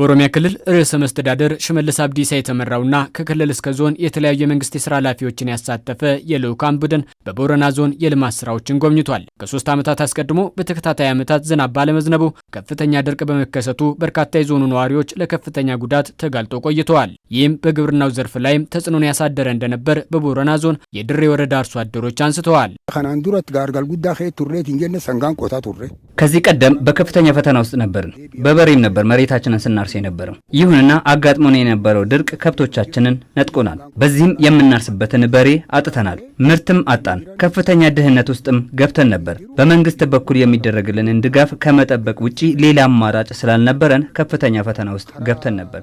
በኦሮሚያ ክልል ርዕሰ መስተዳደር ሽመልስ አብዲሳ የተመራውና ከክልል እስከ ዞን የተለያዩ የመንግስት የስራ ኃላፊዎችን ያሳተፈ የልዑካን ቡድን በቦረና ዞን የልማት ስራዎችን ጎብኝቷል። ከሶስት ዓመታት አስቀድሞ በተከታታይ ዓመታት ዝናብ ባለመዝነቡ ከፍተኛ ድርቅ በመከሰቱ በርካታ የዞኑ ነዋሪዎች ለከፍተኛ ጉዳት ተጋልጦ ቆይተዋል። ይህም በግብርናው ዘርፍ ላይም ተጽዕኖን ያሳደረ እንደነበር በቦረና ዞን የድሬ ወረዳ አርሶ አደሮች አንስተዋል። ከዚህ ቀደም በከፍተኛ ፈተና ውስጥ ነበርን። በበሬም ነበር መሬታችንን ስና ስናርስ የነበረው። ይሁንና አጋጥሞን የነበረው ድርቅ ከብቶቻችንን ነጥቆናል። በዚህም የምናርስበትን በሬ አጥተናል፣ ምርትም አጣን። ከፍተኛ ድህነት ውስጥም ገብተን ነበር። በመንግስት በኩል የሚደረግልንን ድጋፍ ከመጠበቅ ውጪ ሌላ አማራጭ ስላልነበረን ከፍተኛ ፈተና ውስጥ ገብተን ነበር።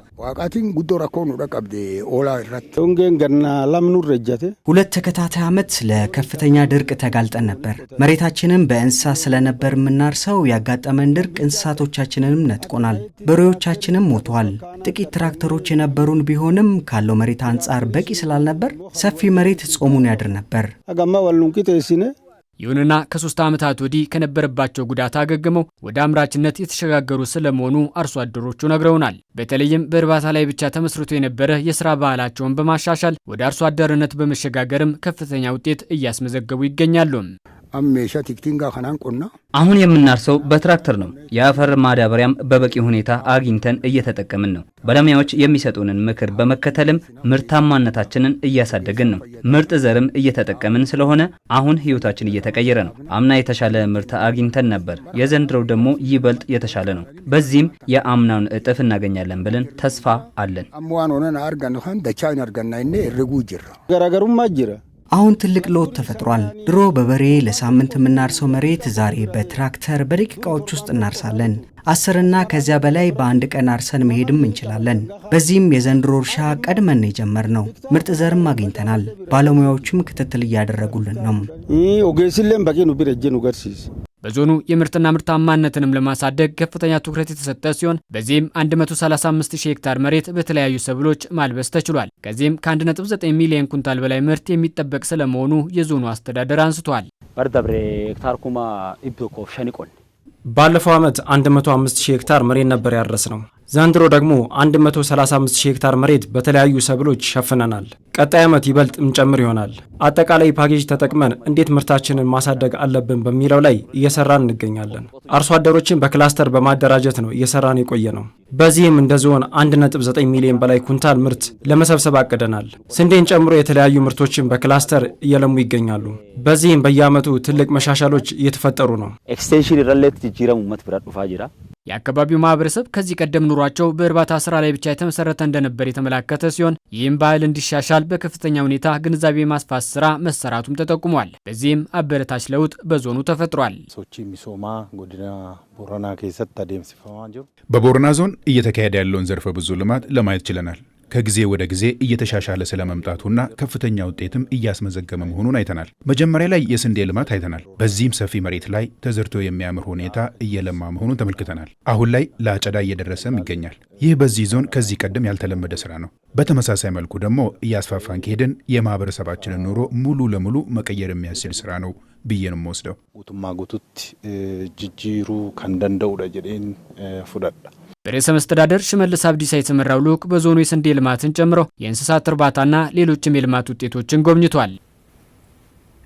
ሁለት ተከታታይ ዓመት ለከፍተኛ ድርቅ ተጋልጠን ነበር። መሬታችንም በእንስሳት ስለነበር የምናርሰው ያጋጠመን ድርቅ እንስሳቶቻችንንም ነጥቆናል። በሬዎቻችን ሰዎችንም ሞቷል። ጥቂት ትራክተሮች የነበሩን ቢሆንም ካለው መሬት አንጻር በቂ ስላልነበር ሰፊ መሬት ጾሙን ያድር ነበር። ይሁንና ከሶስት ዓመታት ወዲህ ከነበረባቸው ጉዳት አገግመው ወደ አምራችነት የተሸጋገሩ ስለመሆኑ አርሶ አደሮቹ ነግረውናል። በተለይም በእርባታ ላይ ብቻ ተመስርቶ የነበረ የስራ ባህላቸውን በማሻሻል ወደ አርሶ አደርነት በመሸጋገርም ከፍተኛ ውጤት እያስመዘገቡ ይገኛሉ። አሜሻ ቲክቲንጋ ከናን ቆና አሁን የምናርሰው በትራክተር ነው። የአፈር ማዳበሪያም በበቂ ሁኔታ አግኝተን እየተጠቀምን ነው። ባለሙያዎች የሚሰጡንን ምክር በመከተልም ምርታማነታችንን እያሳደግን ነው። ምርጥ ዘርም እየተጠቀምን ስለሆነ አሁን ሕይወታችን እየተቀየረ ነው። አምና የተሻለ ምርት አግኝተን ነበር። የዘንድሮው ደግሞ ይበልጥ የተሻለ ነው። በዚህም የአምናውን እጥፍ እናገኛለን ብለን ተስፋ አለን። አምዋን ሆነን አርገንኸን ደቻን አርገናይኔ ርጉ ጅራ ገራገሩማ ጅራ አሁን ትልቅ ለውጥ ተፈጥሯል። ድሮ በበሬ ለሳምንት የምናርሰው መሬት ዛሬ በትራክተር በደቂቃዎች ውስጥ እናርሳለን። አስርና ከዚያ በላይ በአንድ ቀን አርሰን መሄድም እንችላለን። በዚህም የዘንድሮ እርሻ ቀድመን የጀመር ነው። ምርጥ ዘርም አግኝተናል። ባለሙያዎችም ክትትል እያደረጉልን ነው። በዞኑ የምርትና ምርታማነትንም ለማሳደግ ከፍተኛ ትኩረት የተሰጠ ሲሆን በዚህም 135000 ሄክታር መሬት በተለያዩ ሰብሎች ማልበስ ተችሏል። ከዚህም ከ19 ሚሊዮን ኩንታል በላይ ምርት የሚጠበቅ ስለመሆኑ የዞኑ አስተዳደር አንስቷል። በርደብሬ ሄክታር ኩማ ኢብዶኮ ቆፍ ሸኒቆን ባለፈው ዓመት 105000 ሄክታር መሬት ነበር ያረስ ነው። ዘንድሮ ደግሞ 135 ሺህ ሄክታር መሬት በተለያዩ ሰብሎች ሸፍነናል። ቀጣይ ዓመት ይበልጥ እንጨምር ይሆናል። አጠቃላይ ፓኬጅ ተጠቅመን እንዴት ምርታችንን ማሳደግ አለብን በሚለው ላይ እየሰራን እንገኛለን። አርሶ አደሮችን በክላስተር በማደራጀት ነው እየሰራን የቆየ ነው። በዚህም እንደ ዞን 1.9 ሚሊዮን በላይ ኩንታል ምርት ለመሰብሰብ አቅደናል። ስንዴን ጨምሮ የተለያዩ ምርቶችን በክላስተር እየለሙ ይገኛሉ። በዚህም በየዓመቱ ትልቅ መሻሻሎች እየተፈጠሩ ነው። ኤክስቴንሽን ረሌት ዱፋ ጅራ የአካባቢው ማህበረሰብ ከዚህ ቀደም ኑሯቸው በእርባታ ስራ ላይ ብቻ የተመሰረተ እንደነበር የተመላከተ ሲሆን ይህም ባህል እንዲሻሻል በከፍተኛ ሁኔታ ግንዛቤ ማስፋት ስራ መሰራቱም ተጠቁሟል። በዚህም አበረታች ለውጥ በዞኑ ተፈጥሯል። በቦረና ዞን እየተካሄደ ያለውን ዘርፈ ብዙ ልማት ለማየት ችለናል። ከጊዜ ወደ ጊዜ እየተሻሻለ ስለመምጣቱና ከፍተኛ ውጤትም እያስመዘገመ መሆኑን አይተናል። መጀመሪያ ላይ የስንዴ ልማት አይተናል። በዚህም ሰፊ መሬት ላይ ተዘርቶ የሚያምር ሁኔታ እየለማ መሆኑን ተመልክተናል። አሁን ላይ ለአጨዳ እየደረሰም ይገኛል። ይህ በዚህ ዞን ከዚህ ቀደም ያልተለመደ ስራ ነው። በተመሳሳይ መልኩ ደግሞ እያስፋፋን ከሄድን የማህበረሰባችንን ኑሮ ሙሉ ለሙሉ መቀየር የሚያስችል ስራ ነው ብዬ ነው የምወስደው። ጉቱት ጅጅሩ ከንደንደው ጀዴን ፉዳዳ በርዕሰ መስተዳደር ሽመልስ አብዲሳ የተመራው ልዑክ በዞኑ የስንዴ ልማትን ጨምሮ የእንስሳት እርባታና ሌሎችም የልማት ውጤቶችን ጎብኝቷል።